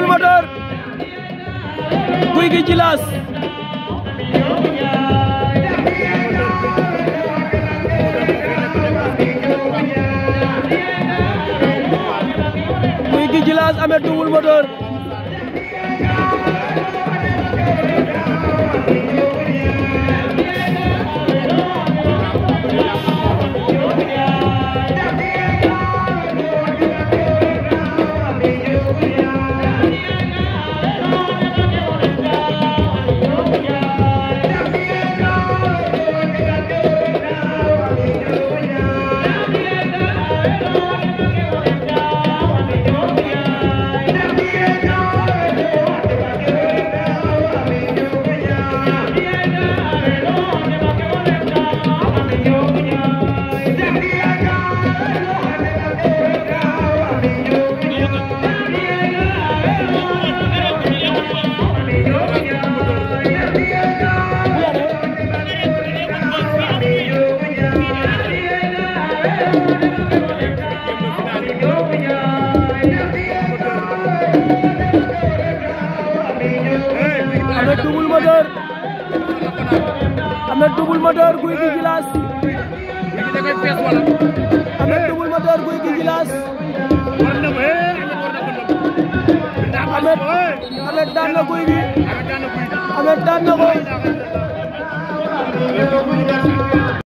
Double Moteur Gouy Gui Djilass Gouy Gui Djilass moteur am na double moteur Gouye Gui Djilass am na double moteur Gouye Gui Djilass Amet Amet daan na Gouye Gui Amet daan na ko